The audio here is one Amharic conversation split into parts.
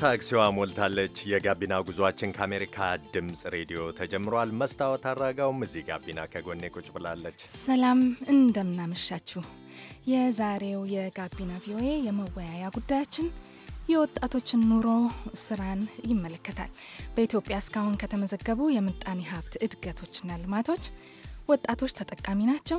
ታክሲዋ ሞልታለች። የጋቢና ጉዟችን ከአሜሪካ ድምፅ ሬዲዮ ተጀምሯል። መስታወት አራጋውም እዚህ ጋቢና ከጎኔ ቁጭ ብላለች። ሰላም እንደምናመሻችሁ። የዛሬው የጋቢና ቪኦኤ የመወያያ ጉዳያችን የወጣቶችን ኑሮ፣ ስራን ይመለከታል። በኢትዮጵያ እስካሁን ከተመዘገቡ የምጣኔ ሀብት እድገቶችና ልማቶች ወጣቶች ተጠቃሚ ናቸው።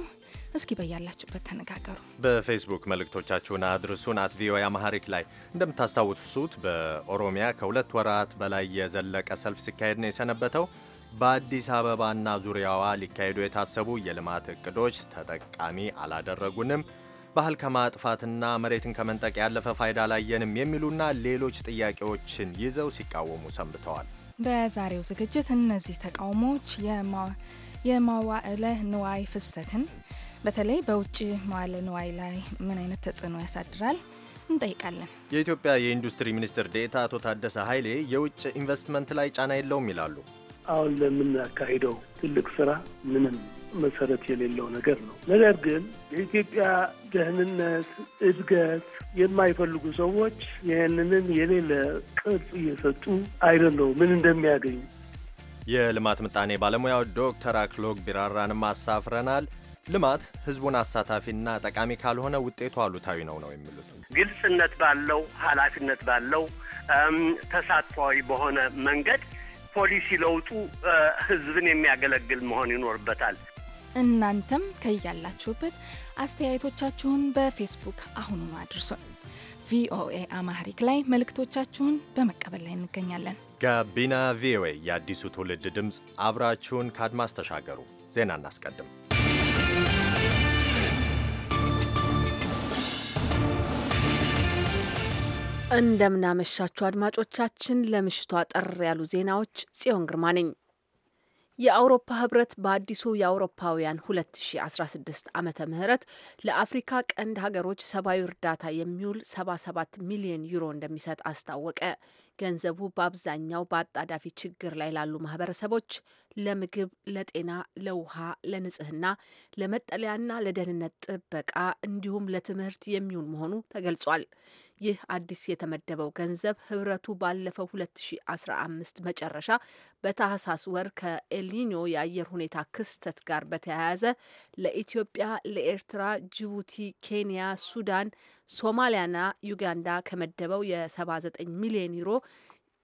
እስኪ በያላችሁበት ተነጋገሩ። በፌስቡክ መልእክቶቻችሁን አድርሱን። አት ቪኦኤ አማሐሪክ ላይ እንደምታስታውሱት በኦሮሚያ ከሁለት ወራት በላይ የዘለቀ ሰልፍ ሲካሄድ ነው የሰነበተው። በአዲስ አበባና ዙሪያዋ ሊካሄዱ የታሰቡ የልማት እቅዶች ተጠቃሚ አላደረጉንም፣ ባህል ከማጥፋትና መሬትን ከመንጠቅ ያለፈ ፋይዳ አላየንም የሚሉና ሌሎች ጥያቄዎችን ይዘው ሲቃወሙ ሰንብተዋል። በዛሬው ዝግጅት እነዚህ ተቃውሞዎች የማዋዕለ ንዋይ ፍሰትን በተለይ በውጭ መዋለ ንዋይ ላይ ምን አይነት ተጽዕኖ ያሳድራል እንጠይቃለን። የኢትዮጵያ የኢንዱስትሪ ሚኒስትር ዴታ አቶ ታደሰ ኃይሌ የውጭ ኢንቨስትመንት ላይ ጫና የለውም ይላሉ። አሁን ለምናካሂደው ትልቅ ስራ ምንም መሰረት የሌለው ነገር ነው። ነገር ግን የኢትዮጵያ ደህንነት፣ እድገት የማይፈልጉ ሰዎች ይህንንን የሌለ ቅርጽ እየሰጡ አይደለው ምን እንደሚያገኙ የልማት ምጣኔ ባለሙያው ዶክተር አክሎግ ቢራራንም አሳፍረናል። ልማት ህዝቡን አሳታፊና ጠቃሚ ካልሆነ ውጤቱ አሉታዊ ነው ነው የሚሉት ግልጽነት ባለው ኃላፊነት ባለው ተሳትፏዊ በሆነ መንገድ ፖሊሲ ለውጡ ህዝብን የሚያገለግል መሆን ይኖርበታል። እናንተም ከያላችሁበት አስተያየቶቻችሁን በፌስቡክ አሁኑ አድርሶ ቪኦኤ አማህሪክ ላይ መልእክቶቻችሁን በመቀበል ላይ እንገኛለን። ጋቢና ቪኦኤ የአዲሱ ትውልድ ድምፅ፣ አብራችሁን ከአድማስ ተሻገሩ። ዜና እናስቀድም። እንደምናመሻችሁ አድማጮቻችን፣ ለምሽቱ አጠር ያሉ ዜናዎች ጽዮን ግርማ ነኝ። የአውሮፓ ህብረት በአዲሱ የአውሮፓውያን 2016 ዓመተ ምህረት ለአፍሪካ ቀንድ ሀገሮች ሰብአዊ እርዳታ የሚውል 77 ሚሊዮን ዩሮ እንደሚሰጥ አስታወቀ። ገንዘቡ በአብዛኛው በአጣዳፊ ችግር ላይ ላሉ ማህበረሰቦች ለምግብ፣ ለጤና፣ ለውሃ፣ ለንጽህና፣ ለመጠለያና ለደህንነት ጥበቃ እንዲሁም ለትምህርት የሚውል መሆኑ ተገልጿል። ይህ አዲስ የተመደበው ገንዘብ ህብረቱ ባለፈው 2015 መጨረሻ በታህሳስ ወር ከኤልኒኞ የአየር ሁኔታ ክስተት ጋር በተያያዘ ለኢትዮጵያ፣ ለኤርትራ፣ ጅቡቲ፣ ኬንያ፣ ሱዳን፣ ሶማሊያና ዩጋንዳ ከመደበው የ79 ሚሊዮን ዩሮ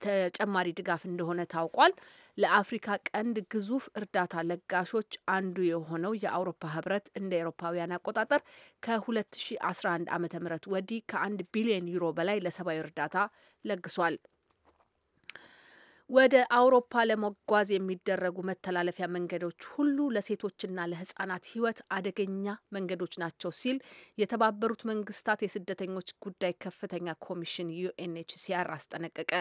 ተጨማሪ ድጋፍ እንደሆነ ታውቋል። ለአፍሪካ ቀንድ ግዙፍ እርዳታ ለጋሾች አንዱ የሆነው የአውሮፓ ህብረት እንደ ኤሮፓውያን አቆጣጠር ከ2011 ዓ ም ወዲህ ከ1 ቢሊዮን ዩሮ በላይ ለሰብአዊ እርዳታ ለግሷል። ወደ አውሮፓ ለመጓዝ የሚደረጉ መተላለፊያ መንገዶች ሁሉ ለሴቶችና ለህጻናት ህይወት አደገኛ መንገዶች ናቸው ሲል የተባበሩት መንግስታት የስደተኞች ጉዳይ ከፍተኛ ኮሚሽን ዩኤንኤችሲአር አስጠነቀቀ።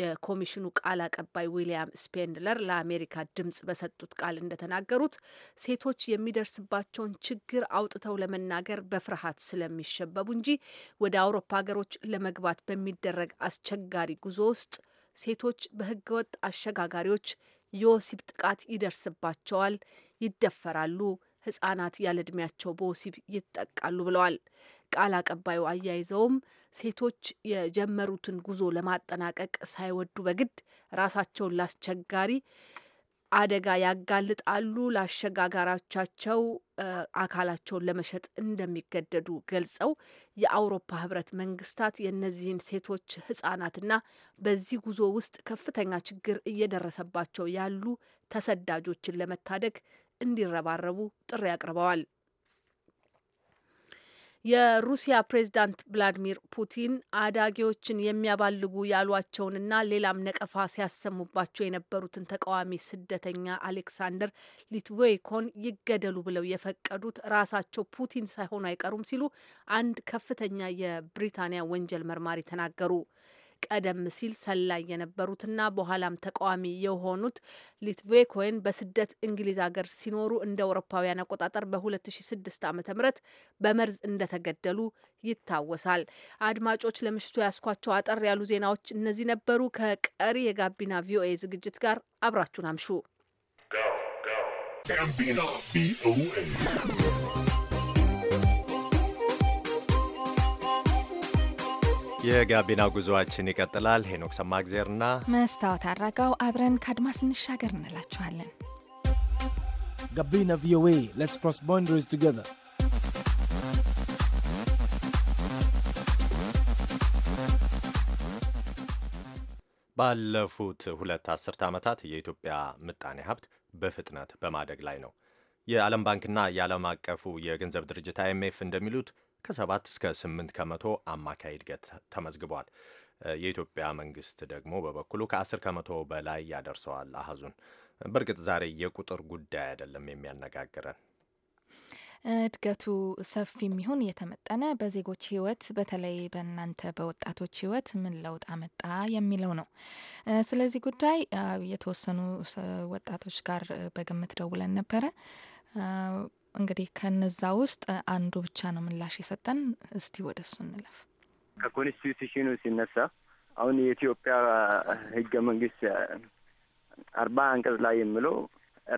የኮሚሽኑ ቃል አቀባይ ዊሊያም ስፔንድለር ለአሜሪካ ድምጽ በሰጡት ቃል እንደተናገሩት ሴቶች የሚደርስባቸውን ችግር አውጥተው ለመናገር በፍርሃት ስለሚሸበቡ እንጂ ወደ አውሮፓ ሀገሮች ለመግባት በሚደረግ አስቸጋሪ ጉዞ ውስጥ ሴቶች በህገወጥ አሸጋጋሪዎች የወሲብ ጥቃት ይደርስባቸዋል፣ ይደፈራሉ፣ ህጻናት ያለዕድሜያቸው በወሲብ ይጠቃሉ ብለዋል። ቃል አቀባዩ አያይዘውም ሴቶች የጀመሩትን ጉዞ ለማጠናቀቅ ሳይወዱ በግድ ራሳቸውን ላስቸጋሪ አደጋ ያጋልጣሉ፣ ለአሸጋጋሪዎቻቸው አካላቸውን ለመሸጥ እንደሚገደዱ ገልጸው የአውሮፓ ህብረት መንግስታት የእነዚህን ሴቶች ህጻናትና በዚህ ጉዞ ውስጥ ከፍተኛ ችግር እየደረሰባቸው ያሉ ተሰዳጆችን ለመታደግ እንዲረባረቡ ጥሪ አቅርበዋል። የሩሲያ ፕሬዝዳንት ቭላዲሚር ፑቲን አዳጊዎችን የሚያባልጉ ያሏቸውንና ሌላም ነቀፋ ሲያሰሙባቸው የነበሩትን ተቃዋሚ ስደተኛ አሌክሳንደር ሊትዌይኮን ይገደሉ ብለው የፈቀዱት ራሳቸው ፑቲን ሳይሆኑ አይቀሩም ሲሉ አንድ ከፍተኛ የብሪታንያ ወንጀል መርማሪ ተናገሩ። ቀደም ሲል ሰላይ የነበሩትና በኋላም ተቃዋሚ የሆኑት ሊትቬኮን በስደት እንግሊዝ ሀገር ሲኖሩ እንደ አውሮፓውያን አቆጣጠር በ2006 ዓ ም በመርዝ እንደተገደሉ ይታወሳል። አድማጮች፣ ለምሽቱ ያስኳቸው አጠር ያሉ ዜናዎች እነዚህ ነበሩ። ከቀሪ የጋቢና ቪኦኤ ዝግጅት ጋር አብራችሁን አምሹ። የጋቢና ጉዞአችን ይቀጥላል። ሄኖክ ሰማእግዜርና መስታወት አራጋው አብረን ከአድማስ እንሻገር እንላችኋለን። ጋቢና ቪኦኤ ሌትስ ክሮስ ቦንደሪስ ቱጌዘር ባለፉት ሁለት አስርተ ዓመታት የኢትዮጵያ ምጣኔ ሀብት በፍጥነት በማደግ ላይ ነው። የዓለም ባንክና የዓለም አቀፉ የገንዘብ ድርጅት አይኤምኤፍ እንደሚሉት ከ7 እስከ 8 ከመቶ አማካይ እድገት ተመዝግቧል። የኢትዮጵያ መንግስት ደግሞ በበኩሉ ከ10 ከመቶ በላይ ያደርሰዋል አሀዙን። በእርግጥ ዛሬ የቁጥር ጉዳይ አይደለም የሚያነጋግረን እድገቱ ሰፊ የሚሆን የተመጠነ በዜጎች ህይወት በተለይ በእናንተ በወጣቶች ህይወት ምን ለውጥ አመጣ የሚለው ነው። ስለዚህ ጉዳይ የተወሰኑ ወጣቶች ጋር በግምት ደውለን ነበረ። እንግዲህ ከነዛ ውስጥ አንዱ ብቻ ነው ምላሽ የሰጠን። እስቲ ወደ እሱ እንለፍ። ከኮንስቲቱሽኑ ሲነሳ አሁን የኢትዮጵያ ህገ መንግስት አርባ አንቀጽ ላይ የምለው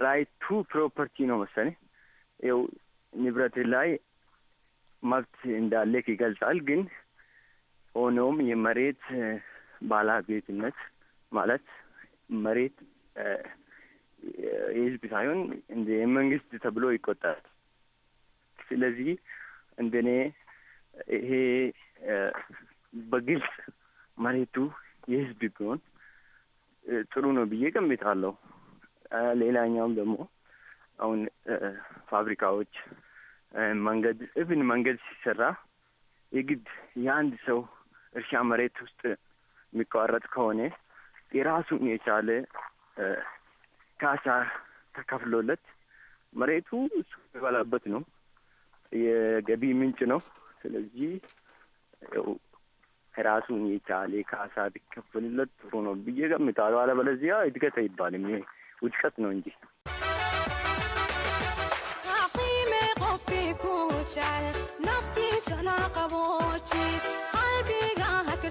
ራይት ቱ ፕሮፐርቲ ነው መሰለኝ። ይኸው ንብረት ላይ መብት እንዳለክ ይገልጻል። ግን ሆኖም የመሬት ባለቤትነት ማለት መሬት የህዝብ ሳይሆን እንደ መንግስት ተብሎ ይቆጠራል። ስለዚህ እኔ ይሄ በግልጽ መሬቱ የህዝብ ቢሆን ጥሩ ነው ብዬ ገምታለሁ። ሌላኛውም ደግሞ አሁን ፋብሪካዎች፣ መንገድ እብን መንገድ ሲሰራ የግድ የአንድ ሰው እርሻ መሬት ውስጥ የሚቋረጥ ከሆነ የራሱን የቻለ ካሳ ተከፍሎለት መሬቱ እሱ የሚበላበት ነው፣ የገቢ ምንጭ ነው። ስለዚህ ያው ራሱን የቻለ ካሳ ቢከፍልለት ጥሩ ነው ብዬ ገምታለሁ። አለበለዚያ እድገት አይባልም፣ ውድቀት ነው እንጂ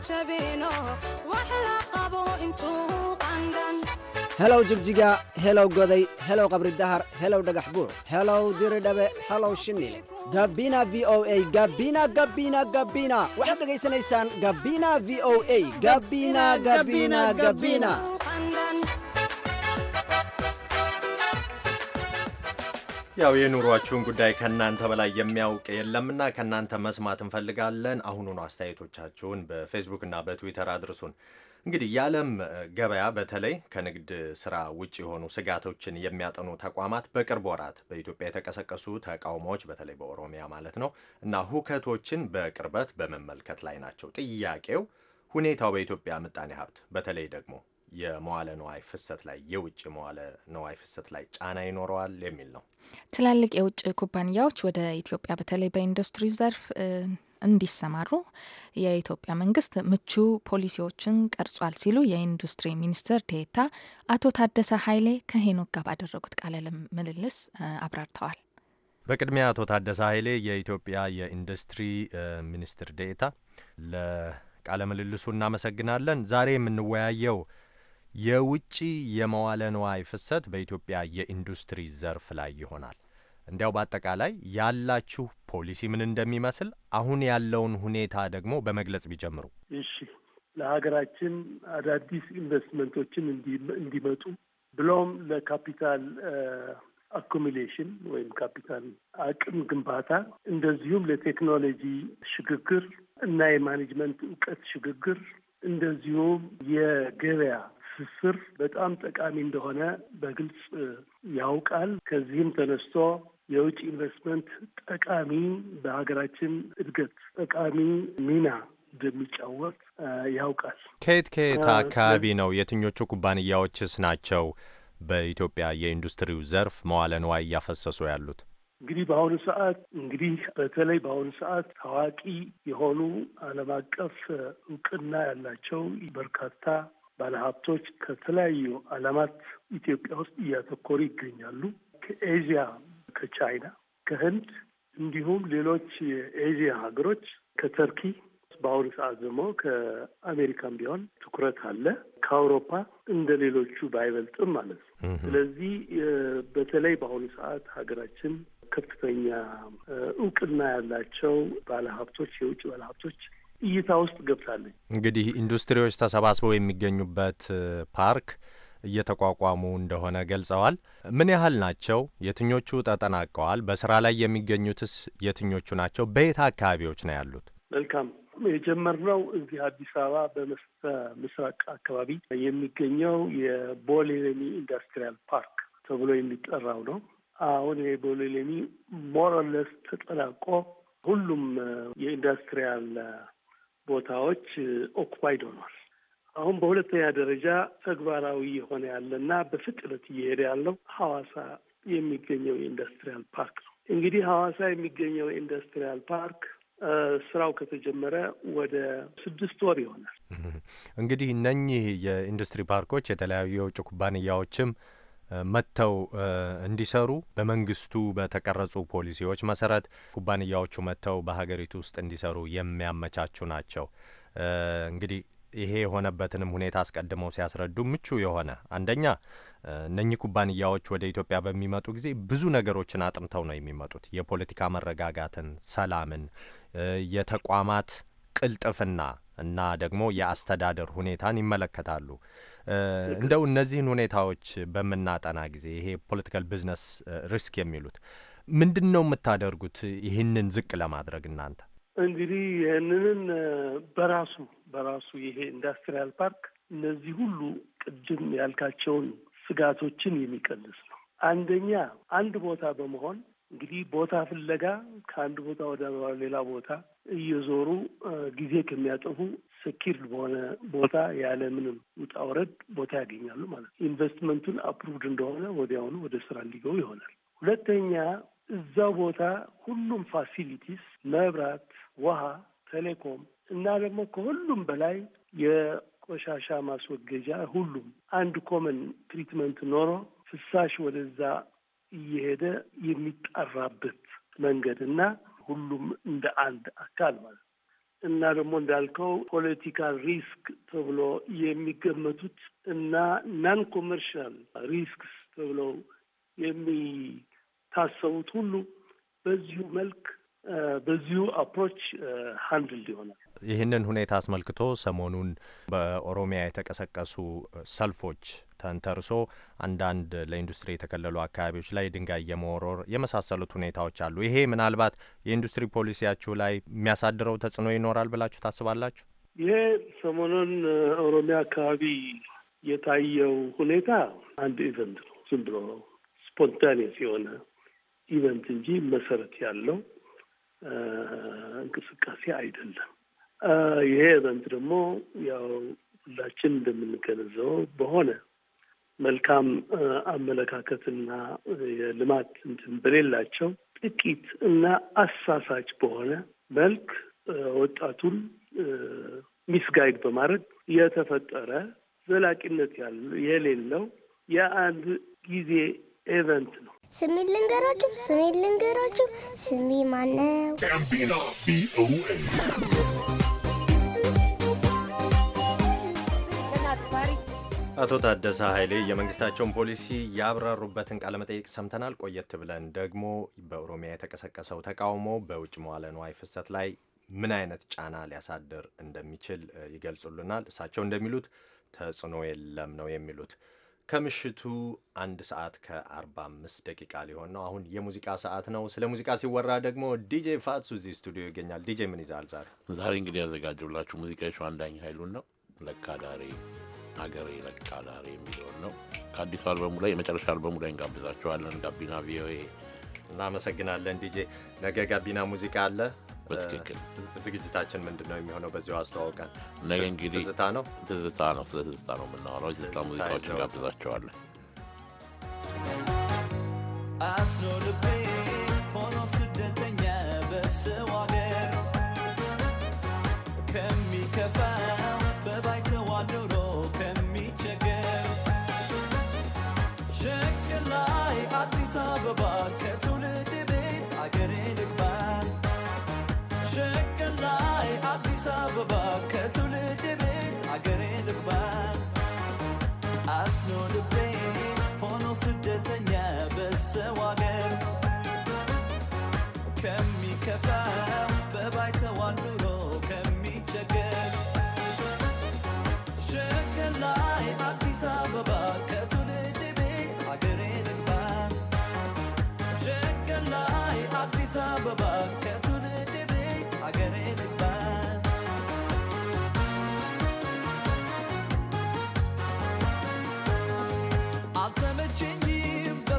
قلبي helow jigjiga helow goday helow qabri dahar helow dhagax buur helow diri dhabe helow shini gabina v o a gabina gabina gabina waxaad dhegaysanaysaan gabina v o a gabina gabina gabina ያው የኑሯችሁን ጉዳይ ከእናንተ በላይ የሚያውቅ የለምና ከእናንተ መስማት እንፈልጋለን። አሁኑኑ አስተያየቶቻችሁን በፌስቡክ እና በትዊተር አድርሱን። እንግዲህ የዓለም ገበያ በተለይ ከንግድ ስራ ውጭ የሆኑ ስጋቶችን የሚያጠኑ ተቋማት በቅርብ ወራት በኢትዮጵያ የተቀሰቀሱ ተቃውሞዎች በተለይ በኦሮሚያ ማለት ነው እና ሁከቶችን በቅርበት በመመልከት ላይ ናቸው። ጥያቄው ሁኔታው በኢትዮጵያ ምጣኔ ሀብት በተለይ ደግሞ የመዋለ ነዋይ ፍሰት ላይ የውጭ መዋለ ነዋይ ፍሰት ላይ ጫና ይኖረዋል የሚል ነው። ትላልቅ የውጭ ኩባንያዎች ወደ ኢትዮጵያ በተለይ በኢንዱስትሪ ዘርፍ እንዲሰማሩ የኢትዮጵያ መንግስት ምቹ ፖሊሲዎችን ቀርጿል ሲሉ የኢንዱስትሪ ሚኒስትር ዴኤታ አቶ ታደሰ ኃይሌ ከሄኖክ ጋር ባደረጉት ቃለ ምልልስ አብራርተዋል። በቅድሚያ አቶ ታደሰ ኃይሌ የኢትዮጵያ የኢንዱስትሪ ሚኒስትር ዴኤታ ለቃለ ምልልሱ እናመሰግናለን። ዛሬ የምንወያየው የውጭ የመዋለ ንዋይ ፍሰት በኢትዮጵያ የኢንዱስትሪ ዘርፍ ላይ ይሆናል። እንዲያው በአጠቃላይ ያላችሁ ፖሊሲ ምን እንደሚመስል አሁን ያለውን ሁኔታ ደግሞ በመግለጽ ቢጀምሩ። እሺ፣ ለሀገራችን አዳዲስ ኢንቨስትመንቶችን እንዲመጡ ብሎም ለካፒታል አኩሚሌሽን ወይም ካፒታል አቅም ግንባታ እንደዚሁም ለቴክኖሎጂ ሽግግር እና የማኔጅመንት እውቀት ሽግግር እንደዚሁም የገበያ ትስስር በጣም ጠቃሚ እንደሆነ በግልጽ ያውቃል። ከዚህም ተነስቶ የውጭ ኢንቨስትመንት ጠቃሚ በሀገራችን እድገት ጠቃሚ ሚና እንደሚጫወት ያውቃል። ከየት ከየት አካባቢ ነው? የትኞቹ ኩባንያዎችስ ናቸው በኢትዮጵያ የኢንዱስትሪው ዘርፍ መዋለ ንዋይ እያፈሰሱ ያሉት? እንግዲህ በአሁኑ ሰዓት እንግዲህ በተለይ በአሁኑ ሰዓት ታዋቂ የሆኑ ዓለም አቀፍ እውቅና ያላቸው በርካታ ባለሀብቶች ከተለያዩ ዓለማት ኢትዮጵያ ውስጥ እያተኮሩ ይገኛሉ። ከኤዥያ፣ ከቻይና፣ ከህንድ እንዲሁም ሌሎች የኤዥያ ሀገሮች ከተርኪ በአሁኑ ሰዓት ደግሞ ከአሜሪካም ቢሆን ትኩረት አለ። ከአውሮፓ እንደ ሌሎቹ ባይበልጥም ማለት ነው። ስለዚህ በተለይ በአሁኑ ሰዓት ሀገራችን ከፍተኛ እውቅና ያላቸው ባለሀብቶች፣ የውጭ ባለሀብቶች እይታ ውስጥ ገብታለች። እንግዲህ ኢንዱስትሪዎች ተሰባስበው የሚገኙበት ፓርክ እየተቋቋሙ እንደሆነ ገልጸዋል። ምን ያህል ናቸው? የትኞቹ ተጠናቀዋል? በስራ ላይ የሚገኙትስ የትኞቹ ናቸው? በየት አካባቢዎች ነው ያሉት? መልካም። የጀመርነው እዚህ አዲስ አበባ በመስተ ምስራቅ አካባቢ የሚገኘው የቦሌ ለሚ ኢንዱስትሪያል ፓርክ ተብሎ የሚጠራው ነው። አሁን የቦሌ ሞረለስ ተጠናቆ ሁሉም የኢንዱስትሪያል ቦታዎች ኦኩፓይድ ሆኗል። አሁን በሁለተኛ ደረጃ ተግባራዊ የሆነ ያለና በፍጥነት እየሄደ ያለው ሐዋሳ የሚገኘው የኢንዱስትሪያል ፓርክ ነው። እንግዲህ ሐዋሳ የሚገኘው የኢንዱስትሪያል ፓርክ ስራው ከተጀመረ ወደ ስድስት ወር ይሆናል። እንግዲህ እነኚህ የኢንዱስትሪ ፓርኮች የተለያዩ የውጭ ኩባንያዎችም መጥተው እንዲሰሩ በመንግስቱ በተቀረጹ ፖሊሲዎች መሰረት ኩባንያዎቹ መጥተው በሀገሪቱ ውስጥ እንዲሰሩ የሚያመቻቹ ናቸው። እንግዲህ ይሄ የሆነበትንም ሁኔታ አስቀድመው ሲያስረዱ ምቹ የሆነ አንደኛ እነኚህ ኩባንያዎች ወደ ኢትዮጵያ በሚመጡ ጊዜ ብዙ ነገሮችን አጥንተው ነው የሚመጡት። የፖለቲካ መረጋጋትን፣ ሰላምን፣ የተቋማት ቅልጥፍና እና ደግሞ የአስተዳደር ሁኔታን ይመለከታሉ። እንደው እነዚህን ሁኔታዎች በምናጠና ጊዜ ይሄ ፖለቲካል ቢዝነስ ሪስክ የሚሉት ምንድን ነው የምታደርጉት ይህንን ዝቅ ለማድረግ እናንተ? እንግዲህ ይህንንን በራሱ በራሱ ይሄ ኢንዱስትሪያል ፓርክ እነዚህ ሁሉ ቅድም ያልካቸውን ስጋቶችን የሚቀንስ ነው። አንደኛ አንድ ቦታ በመሆን እንግዲህ ቦታ ፍለጋ ከአንድ ቦታ ወደ ሌላ ቦታ እየዞሩ ጊዜ ከሚያጠፉ ሰኪር በሆነ ቦታ ያለ ምንም ውጣ ውረድ ቦታ ያገኛሉ ማለት ነው። ኢንቨስትመንቱን አፕሩቭድ እንደሆነ ወዲያውኑ ወደ ስራ እንዲገቡ ይሆናል። ሁለተኛ እዛው ቦታ ሁሉም ፋሲሊቲስ መብራት፣ ውሃ፣ ቴሌኮም እና ደግሞ ከሁሉም በላይ የቆሻሻ ማስወገጃ ሁሉም አንድ ኮመን ትሪትመንት ኖሮ ፍሳሽ ወደዛ እየሄደ የሚጠራበት መንገድ እና ሁሉም እንደ አንድ አካል ማለት እና ደግሞ እንዳልከው ፖለቲካል ሪስክ ተብሎ የሚገመቱት እና ናን ኮመርሻል ሪስክስ ተብለው የሚታሰቡት ሁሉ በዚሁ መልክ በዚሁ አፕሮች ሀንድል ይሆናል። ይህንን ሁኔታ አስመልክቶ ሰሞኑን በኦሮሚያ የተቀሰቀሱ ሰልፎች ተንተርሶ አንዳንድ ለኢንዱስትሪ የተከለሉ አካባቢዎች ላይ ድንጋይ የመወረር የመሳሰሉት ሁኔታዎች አሉ። ይሄ ምናልባት የኢንዱስትሪ ፖሊሲያችሁ ላይ የሚያሳድረው ተጽዕኖ ይኖራል ብላችሁ ታስባላችሁ? ይሄ ሰሞኑን ኦሮሚያ አካባቢ የታየው ሁኔታ አንድ ኢቨንት ነው። ዝም ብሎ ስፖንታኒየስ የሆነ ኢቨንት እንጂ መሰረት ያለው እንቅስቃሴ አይደለም። ይሄ ኢቨንት ደግሞ ያው ሁላችን እንደምንገነዘበው በሆነ መልካም አመለካከትና የልማት እንትን በሌላቸው ጥቂት እና አሳሳች በሆነ መልክ ወጣቱን ሚስጋይድ በማድረግ የተፈጠረ ዘላቂነት የሌለው የአንድ ጊዜ ኤቨንት ነው። ስሜ ልንገራችሁ ስሜ ልንገራችሁ ስሜ ማነው? ቪኦኤ አቶ ታደሰ ኃይሌ የመንግስታቸውን ፖሊሲ ያብራሩበትን ቃለ መጠይቅ ሰምተናል። ቆየት ብለን ደግሞ በኦሮሚያ የተቀሰቀሰው ተቃውሞ በውጭ መዋለ ንዋይ ፍሰት ላይ ምን አይነት ጫና ሊያሳድር እንደሚችል ይገልጹልናል። እሳቸው እንደሚሉት ተጽዕኖ የለም ነው የሚሉት። ከምሽቱ አንድ ሰዓት ከ45 ደቂቃ ሊሆን ነው። አሁን የሙዚቃ ሰዓት ነው። ስለ ሙዚቃ ሲወራ ደግሞ ዲጄ ፋትሱ እዚህ ስቱዲዮ ይገኛል። ዲጄ ምን ይዛል ዛሬ? ዛሬ እንግዲህ ያዘጋጀውላችሁ ሙዚቃ የሸዋን ዳኝ ኃይሉን ነው። ለካ ዳሬ አገሬ ለካ ዳሬ የሚለውን ነው ከአዲሱ አልበሙ ላይ የመጨረሻ አልበሙ ላይ እንጋብዛቸዋለን። ጋቢና ቪኦኤ እናመሰግናለን ዲጄ። ነገ ጋቢና ሙዚቃ አለ። በትክክል ዝግጅታችን ምንድን ነው የሚሆነው? በዚሁ አስተዋውቀን። ነገ እንግዲህ ትዝታ ነው ትዝታ ነው ስለ ትዝታ ነው የምናወራው። ትዝታ ሙዚቃዎች እንጋብዛቸዋለን። አስኖ ሆኖ ስደተኛ በሰው አገር ከሚከፋው በባይተዋ ከሚቸገር ሸክ ላይ አዲስ አበባ ከትውልድ ቤት አገሬ ሸገር ላይ አዲስ አበባ ከትውልድ ቤት አገሬ ልግባ አስኖ ልቤ ሆኖ ስደተኛ በሰው አገር ከሚከፋው በባይተዋን ኑሮ ከሚቸገር ሸገር ላይ አዲስ አበባ ከትውልድ ቤት አገሬ ልግባ ሸገር ላይ አዲስ አበባ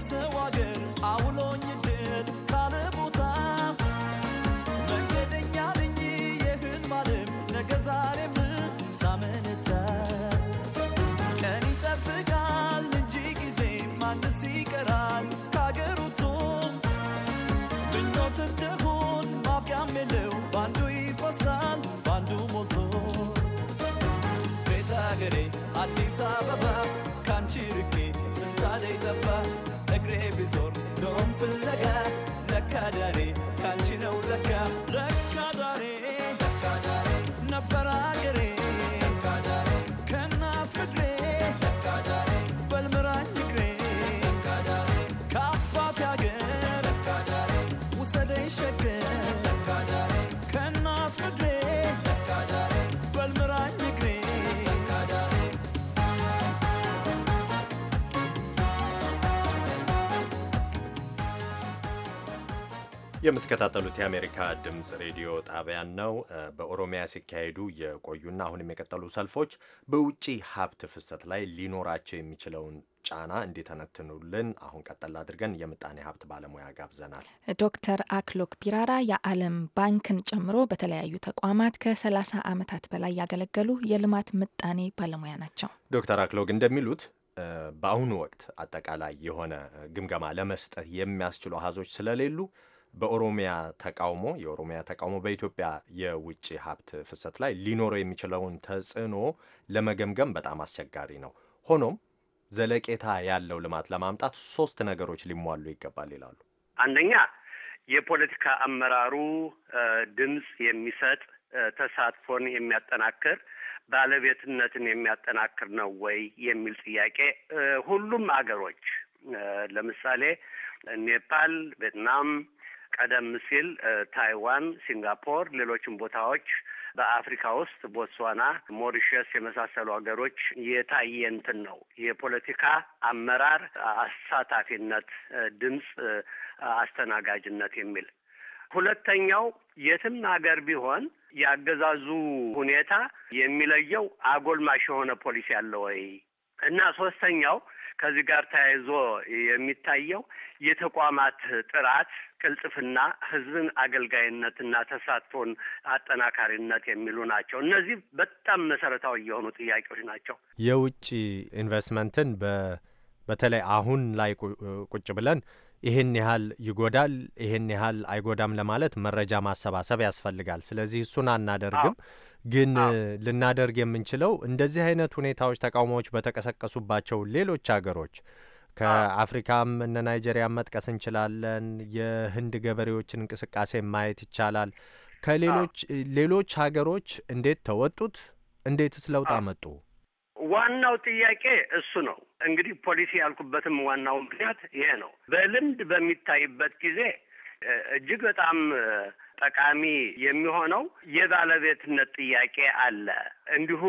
የሰው አገር አውሎኝ ድል ካለ ቦታ መንገደኛ ነኝ የህልም ዓለም ነገ ዛሬ ምን ሳመነታ ቀን ይጠብቃል እንጂ ጊዜ ማንስ ይቀራል ካገሩቱ ምኞት እንደሆን ማብቂያም የለው ባንዱ ይፈሳል ባንዱ ሞልቶ ቤት አገሬ አዲስ አበባ ካንቺ ርቄ ስንታደይ ጠባ Agree bizor, don't feel kan a, like a የምትከታተሉት የአሜሪካ ድምፅ ሬዲዮ ጣቢያን ነው። በኦሮሚያ ሲካሄዱ የቆዩና አሁንም የቀጠሉ ሰልፎች በውጭ ሀብት ፍሰት ላይ ሊኖራቸው የሚችለውን ጫና እንዲተነትኑልን አሁን ቀጠል አድርገን የምጣኔ ሀብት ባለሙያ ጋብዘናል። ዶክተር አክሎክ ቢራራ የዓለም ባንክን ጨምሮ በተለያዩ ተቋማት ከሰላሳ ዓመታት በላይ ያገለገሉ የልማት ምጣኔ ባለሙያ ናቸው። ዶክተር አክሎክ እንደሚሉት በአሁኑ ወቅት አጠቃላይ የሆነ ግምገማ ለመስጠት የሚያስችሉ አሃዞች ስለሌሉ በኦሮሚያ ተቃውሞ የኦሮሚያ ተቃውሞ በኢትዮጵያ የውጭ ሀብት ፍሰት ላይ ሊኖረው የሚችለውን ተጽዕኖ ለመገምገም በጣም አስቸጋሪ ነው። ሆኖም ዘለቄታ ያለው ልማት ለማምጣት ሶስት ነገሮች ሊሟሉ ይገባል ይላሉ። አንደኛ የፖለቲካ አመራሩ ድምፅ የሚሰጥ ተሳትፎን የሚያጠናክር ባለቤትነትን የሚያጠናክር ነው ወይ የሚል ጥያቄ ሁሉም አገሮች ለምሳሌ ኔፓል፣ ቬትናም፣ ቀደም ሲል ታይዋን፣ ሲንጋፖር፣ ሌሎችም ቦታዎች በአፍሪካ ውስጥ ቦትስዋና፣ ሞሪሸስ የመሳሰሉ ሀገሮች የታየ እንትን ነው የፖለቲካ አመራር አሳታፊነት፣ ድምፅ አስተናጋጅነት የሚል ሁለተኛው የትም ሀገር ቢሆን ያገዛዙ ሁኔታ የሚለየው አጎልማሽ የሆነ ፖሊሲ አለ ወይ እና ሶስተኛው ከዚህ ጋር ተያይዞ የሚታየው የተቋማት ጥራት፣ ቅልጥፍና፣ ህዝብን አገልጋይነትና ተሳትፎን አጠናካሪነት የሚሉ ናቸው። እነዚህ በጣም መሰረታዊ የሆኑ ጥያቄዎች ናቸው። የውጭ ኢንቨስትመንትን በተለይ አሁን ላይ ቁጭ ብለን ይህን ያህል ይጎዳል፣ ይህን ያህል አይጎዳም ለማለት መረጃ ማሰባሰብ ያስፈልጋል። ስለዚህ እሱን አናደርግም። ግን ልናደርግ የምንችለው እንደዚህ አይነት ሁኔታዎች ተቃውሞዎች በተቀሰቀሱባቸው ሌሎች ሀገሮች ከአፍሪካም እነ ናይጄሪያን መጥቀስ እንችላለን። የህንድ ገበሬዎችን እንቅስቃሴ ማየት ይቻላል። ከሌሎች ሌሎች ሀገሮች እንዴት ተወጡት? እንዴትስ ለውጥ አመጡ? ዋናው ጥያቄ እሱ ነው። እንግዲህ ፖሊሲ ያልኩበትም ዋናው ምክንያት ይሄ ነው። በልምድ በሚታይበት ጊዜ እጅግ በጣም ጠቃሚ የሚሆነው የባለቤትነት ጥያቄ አለ። እንዲሁ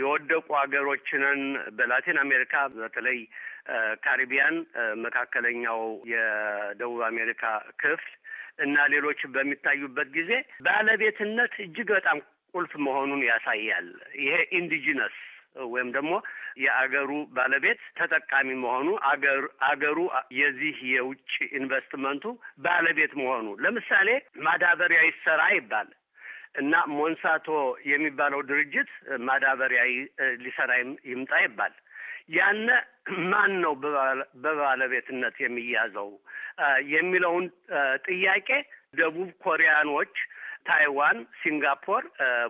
የወደቁ ሀገሮችንን በላቲን አሜሪካ በተለይ ካሪቢያን፣ መካከለኛው የደቡብ አሜሪካ ክፍል እና ሌሎች በሚታዩበት ጊዜ ባለቤትነት እጅግ በጣም ቁልፍ መሆኑን ያሳያል። ይሄ ኢንዲጂነስ ወይም ደግሞ የአገሩ ባለቤት ተጠቃሚ መሆኑ አገሩ አገሩ የዚህ የውጭ ኢንቨስትመንቱ ባለቤት መሆኑ ለምሳሌ ማዳበሪያ ይሰራ ይባል እና ሞንሳቶ የሚባለው ድርጅት ማዳበሪያ ሊሰራ ይምጣ ይባል ያነ ማን ነው በባለቤትነት የሚያዘው የሚለውን ጥያቄ ደቡብ ኮሪያኖች ታይዋን፣ ሲንጋፖር፣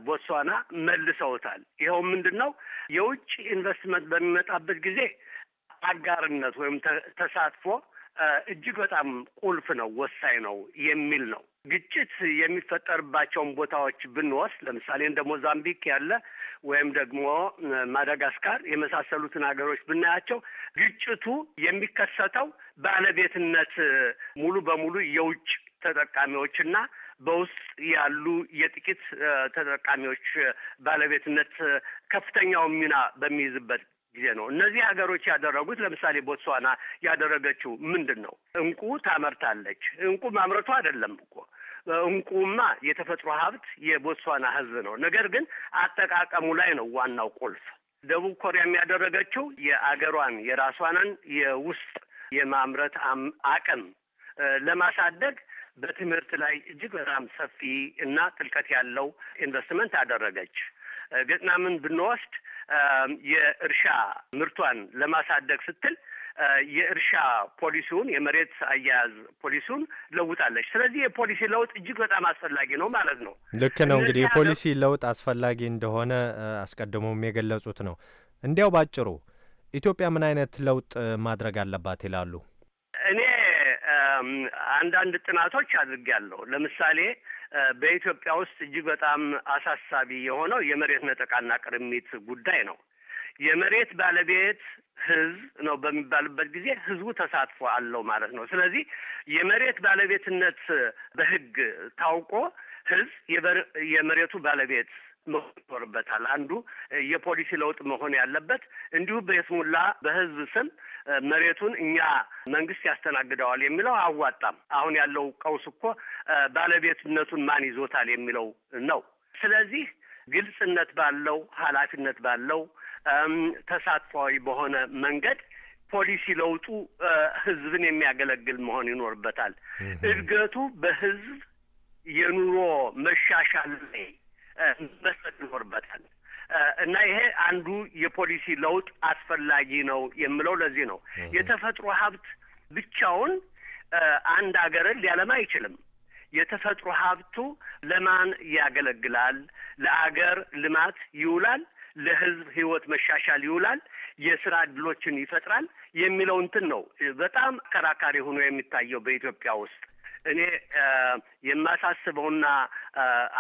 ቦትስዋና መልሰውታል። ይኸው ምንድን ነው የውጭ ኢንቨስትመንት በሚመጣበት ጊዜ አጋርነት ወይም ተሳትፎ እጅግ በጣም ቁልፍ ነው፣ ወሳኝ ነው የሚል ነው። ግጭት የሚፈጠርባቸውን ቦታዎች ብንወስድ ለምሳሌ እንደ ሞዛምቢክ ያለ ወይም ደግሞ ማዳጋስካር የመሳሰሉትን ሀገሮች ብናያቸው ግጭቱ የሚከሰተው ባለቤትነት ሙሉ በሙሉ የውጭ ተጠቃሚዎችና በውስጥ ያሉ የጥቂት ተጠቃሚዎች ባለቤትነት ከፍተኛው ሚና በሚይዝበት ጊዜ ነው። እነዚህ ሀገሮች ያደረጉት ለምሳሌ ቦትስዋና ያደረገችው ምንድን ነው? እንቁ ታመርታለች። እንቁ ማምረቱ አይደለም እኮ እንቁማ የተፈጥሮ ሀብት የቦትስዋና ሕዝብ ነው። ነገር ግን አጠቃቀሙ ላይ ነው ዋናው ቁልፍ። ደቡብ ኮሪያም ያደረገችው የአገሯን የራሷንን የውስጥ የማምረት አቅም ለማሳደግ በትምህርት ላይ እጅግ በጣም ሰፊ እና ጥልቀት ያለው ኢንቨስትመንት አደረገች። ቬትናምን ብንወስድ የእርሻ ምርቷን ለማሳደግ ስትል የእርሻ ፖሊሲውን የመሬት አያያዝ ፖሊሲውን ለውጣለች። ስለዚህ የፖሊሲ ለውጥ እጅግ በጣም አስፈላጊ ነው ማለት ነው። ልክ ነው። እንግዲህ የፖሊሲ ለውጥ አስፈላጊ እንደሆነ አስቀድሞም የገለጹት ነው። እንዲያው ባጭሩ ኢትዮጵያ ምን አይነት ለውጥ ማድረግ አለባት ይላሉ? አንዳንድ ጥናቶች አድርጌያለሁ። ለምሳሌ በኢትዮጵያ ውስጥ እጅግ በጣም አሳሳቢ የሆነው የመሬት ነጠቃና ቅርሚት ጉዳይ ነው። የመሬት ባለቤት ህዝብ ነው በሚባልበት ጊዜ ህዝቡ ተሳትፎ አለው ማለት ነው። ስለዚህ የመሬት ባለቤትነት በህግ ታውቆ ህዝብ የመሬቱ ባለቤት መሆን ይኖርበታል። አንዱ የፖሊሲ ለውጥ መሆን ያለበት እንዲሁም በየስሙላ በህዝብ ስም መሬቱን እኛ መንግስት ያስተናግደዋል የሚለው አዋጣም። አሁን ያለው ቀውስ እኮ ባለቤትነቱን ማን ይዞታል የሚለው ነው። ስለዚህ ግልጽነት ባለው ኃላፊነት ባለው ተሳትፏዊ በሆነ መንገድ ፖሊሲ ለውጡ ህዝብን የሚያገለግል መሆን ይኖርበታል። እድገቱ በህዝብ የኑሮ መሻሻል ላይ መመስረት ይኖርበታል። እና ይሄ አንዱ የፖሊሲ ለውጥ አስፈላጊ ነው የምለው ለዚህ ነው። የተፈጥሮ ሀብት ብቻውን አንድ ሀገርን ሊያለማ አይችልም። የተፈጥሮ ሀብቱ ለማን ያገለግላል? ለአገር ልማት ይውላል፣ ለህዝብ ህይወት መሻሻል ይውላል፣ የስራ እድሎችን ይፈጥራል የሚለው እንትን ነው በጣም አከራካሪ ሆኖ የሚታየው በኢትዮጵያ ውስጥ እኔ የማሳስበውና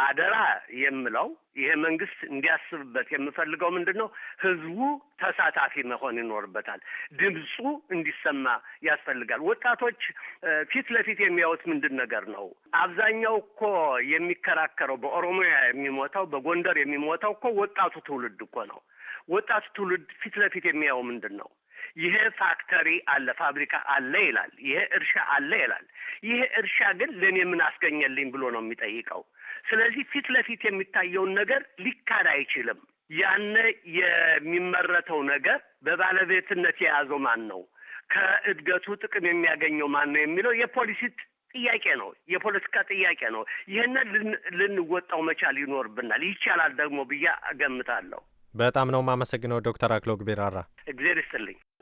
አደራ የምለው ይሄ መንግስት እንዲያስብበት የምፈልገው ምንድን ነው፣ ህዝቡ ተሳታፊ መሆን ይኖርበታል። ድምፁ እንዲሰማ ያስፈልጋል። ወጣቶች ፊት ለፊት የሚያዩት ምንድን ነገር ነው? አብዛኛው እኮ የሚከራከረው በኦሮሚያ የሚሞተው በጎንደር የሚሞተው እኮ ወጣቱ ትውልድ እኮ ነው። ወጣቱ ትውልድ ፊት ለፊት የሚያየው ምንድን ነው? ይሄ ፋክተሪ አለ፣ ፋብሪካ አለ ይላል። ይሄ እርሻ አለ ይላል። ይሄ እርሻ ግን ለእኔ ምን አስገኘልኝ ብሎ ነው የሚጠይቀው። ስለዚህ ፊት ለፊት የሚታየውን ነገር ሊካድ አይችልም። ያነ የሚመረተው ነገር በባለቤትነት የያዘው ማን ነው? ከእድገቱ ጥቅም የሚያገኘው ማን ነው? የሚለው የፖሊሲ ጥያቄ ነው። የፖለቲካ ጥያቄ ነው። ይህንን ልንወጣው መቻል ይኖርብናል። ይቻላል ደግሞ ብዬ እገምታለሁ። በጣም ነው የማመሰግነው ዶክተር አክሎግ ቢራራ እግዜር ይስጥልኝ።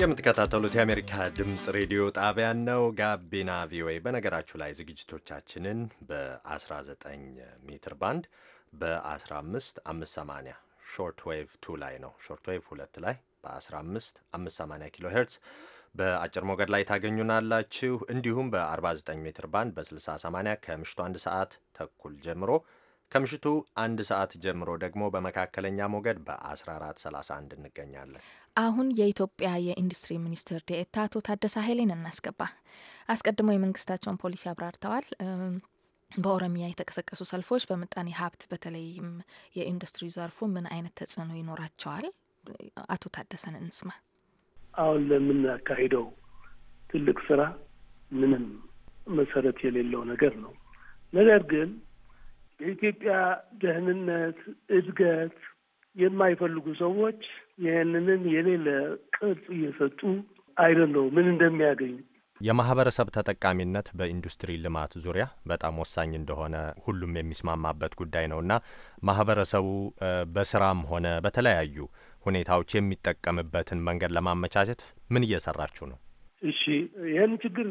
የምትከታተሉት የአሜሪካ ድምፅ ሬዲዮ ጣቢያን ነው። ጋቢና ቪኦኤ። በነገራችሁ ላይ ዝግጅቶቻችንን በ19 ሜትር ባንድ በ15580 ሾርት ዌቭ 2 ላይ ነው። ሾርት ዌቭ 2 ላይ በ15580 ኪሎ ሄርትስ በአጭር ሞገድ ላይ ታገኙናላችሁ። እንዲሁም በ49 ሜትር ባንድ በ6080 ከምሽቱ አንድ ሰዓት ተኩል ጀምሮ ከምሽቱ አንድ ሰዓት ጀምሮ ደግሞ በመካከለኛ ሞገድ በ1431 እንገኛለን። አሁን የኢትዮጵያ የኢንዱስትሪ ሚኒስትር ዴኤታ አቶ ታደሰ ኃይሌን እናስገባ። አስቀድሞ የመንግስታቸውን ፖሊሲ አብራርተዋል። በኦሮሚያ የተቀሰቀሱ ሰልፎች በምጣኔ ሀብት በተለይም የኢንዱስትሪ ዘርፉ ምን አይነት ተጽዕኖ ይኖራቸዋል? አቶ ታደሰን እንስማ። አሁን ለምናካሂደው ትልቅ ስራ ምንም መሰረት የሌለው ነገር ነው። ነገር ግን የኢትዮጵያ ደህንነት እድገት የማይፈልጉ ሰዎች ይህንንን የሌለ ቅርጽ እየሰጡ አይደለም ነው ምን እንደሚያገኙ የማህበረሰብ ተጠቃሚነት በኢንዱስትሪ ልማት ዙሪያ በጣም ወሳኝ እንደሆነ ሁሉም የሚስማማበት ጉዳይ ነው እና ማህበረሰቡ በስራም ሆነ በተለያዩ ሁኔታዎች የሚጠቀምበትን መንገድ ለማመቻቸት ምን እየሰራችሁ ነው? እሺ፣ ይህን ችግር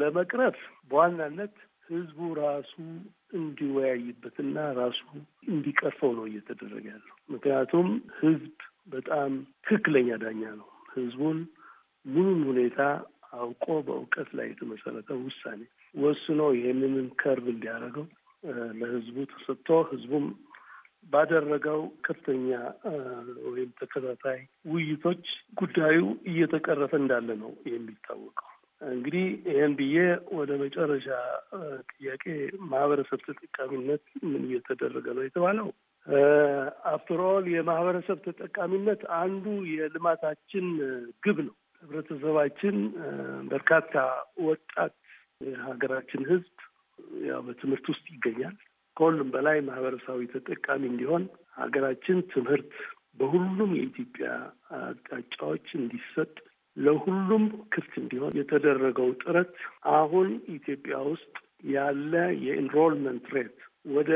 ለመቅረፍ በዋናነት ህዝቡ ራሱ እንዲወያይበትና ራሱ እንዲቀርፈው ነው እየተደረገ ያለው። ምክንያቱም ህዝብ በጣም ትክክለኛ ዳኛ ነው። ህዝቡን ሙሉን ሁኔታ አውቆ በእውቀት ላይ የተመሰረተ ውሳኔ ወስኖ ይህንንን ከርብ እንዲያደርገው ለህዝቡ ተሰጥቶ ህዝቡም ባደረገው ከፍተኛ ወይም ተከታታይ ውይይቶች ጉዳዩ እየተቀረፈ እንዳለ ነው የሚታወቀው። እንግዲህ ይህን ብዬ ወደ መጨረሻ ጥያቄ ማህበረሰብ ተጠቃሚነት ምን እየተደረገ ነው የተባለው፣ አፍተር ኦል የማህበረሰብ ተጠቃሚነት አንዱ የልማታችን ግብ ነው። ህብረተሰባችን በርካታ ወጣት የሀገራችን ህዝብ ያው በትምህርት ውስጥ ይገኛል። ከሁሉም በላይ ማህበረሰባዊ ተጠቃሚ እንዲሆን ሀገራችን ትምህርት በሁሉም የኢትዮጵያ አቅጣጫዎች እንዲሰጥ ለሁሉም ክፍት እንዲሆን የተደረገው ጥረት አሁን ኢትዮጵያ ውስጥ ያለ የኢንሮልመንት ሬት ወደ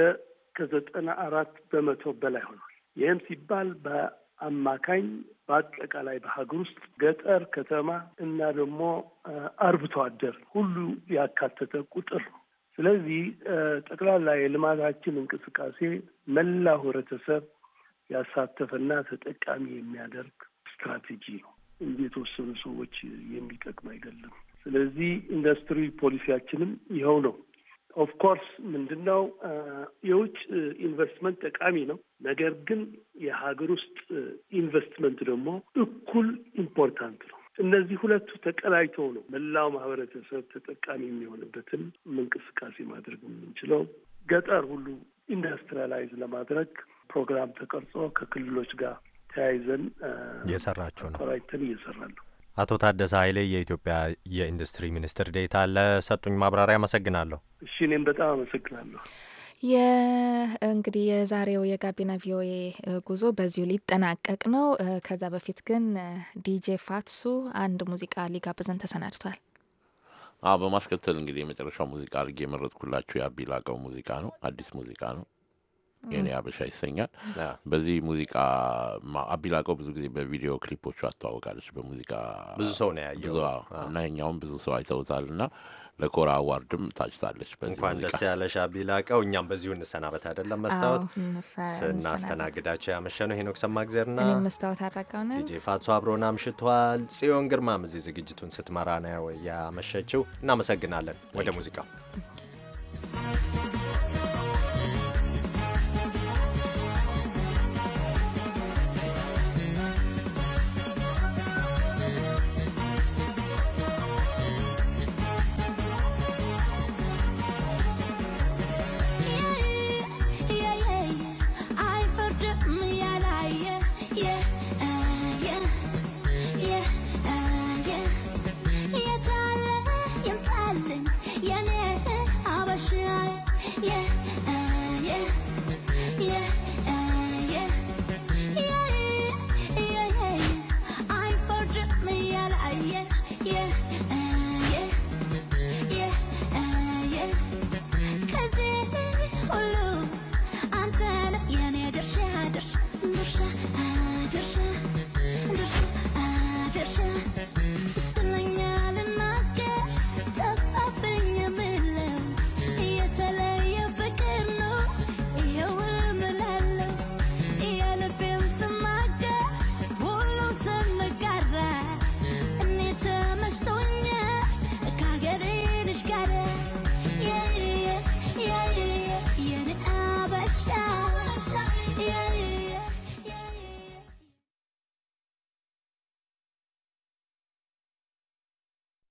ከዘጠና አራት በመቶ በላይ ሆኗል። ይህም ሲባል በአማካኝ በአጠቃላይ በሀገር ውስጥ ገጠር፣ ከተማ እና ደግሞ አርብቶ አደር ሁሉ ያካተተ ቁጥር ነው። ስለዚህ ጠቅላላ የልማታችን እንቅስቃሴ መላ ህብረተሰብ ያሳተፈና ተጠቃሚ የሚያደርግ ስትራቴጂ ነው። የተወሰኑ ሰዎች የሚጠቅም አይደለም። ስለዚህ ኢንዱስትሪ ፖሊሲያችንም ይኸው ነው። ኦፍኮርስ ምንድን ነው የውጭ ኢንቨስትመንት ጠቃሚ ነው። ነገር ግን የሀገር ውስጥ ኢንቨስትመንት ደግሞ እኩል ኢምፖርታንት ነው። እነዚህ ሁለቱ ተቀናጅተው ነው መላው ማህበረተሰብ ተጠቃሚ የሚሆንበትን እንቅስቃሴ ማድረግ የምንችለው። ገጠር ሁሉ ኢንዱስትሪያላይዝ ለማድረግ ፕሮግራም ተቀርጾ ከክልሎች ጋር ተያይዘን እየሰራችሁ ነው ተራጅተን እየሰራ ነው። አቶ ታደሰ ኃይሌ የኢትዮጵያ የኢንዱስትሪ ሚኒስትር ዴታ ለሰጡኝ ማብራሪያ አመሰግናለሁ። እሺ እኔም በጣም አመሰግናለሁ። እንግዲህ የዛሬው የጋቢና ቪኦኤ ጉዞ በዚሁ ሊጠናቀቅ ነው። ከዛ በፊት ግን ዲጄ ፋትሱ አንድ ሙዚቃ ሊጋብዘን ተሰናድቷል። በማስከተል እንግዲህ የመጨረሻው ሙዚቃ አድርጌ የመረጥኩላችሁ የአቢ ላቀው ሙዚቃ ነው። አዲስ ሙዚቃ ነው። የኔ አበሻ ይሰኛል። በዚህ ሙዚቃ አቢላቆ ብዙ ጊዜ በቪዲዮ ክሊፖቹ አስተዋወቃለች። በሙዚቃ ብዙ ሰው ነው ያየው እና ኛውም ብዙ ሰው አይሰውታል እና ለኮራ አዋርድም ታጭታለች። እንኳን ደስ ያለሽ አቢላቀው። እኛም በዚሁ እንሰናበት አይደለም መስታወት ስናስተናግዳቸው ያመሸ ነው ሄኖክ ሰማእግዜርና መስታወት አድረጋውነ ዲጄ ፋቱ አብሮን አምሽቷል። ጽዮን ግርማ እዚህ ዝግጅቱን ስትመራ ነው ያመሸችው። እናመሰግናለን። ወደ ሙዚቃው Thank you.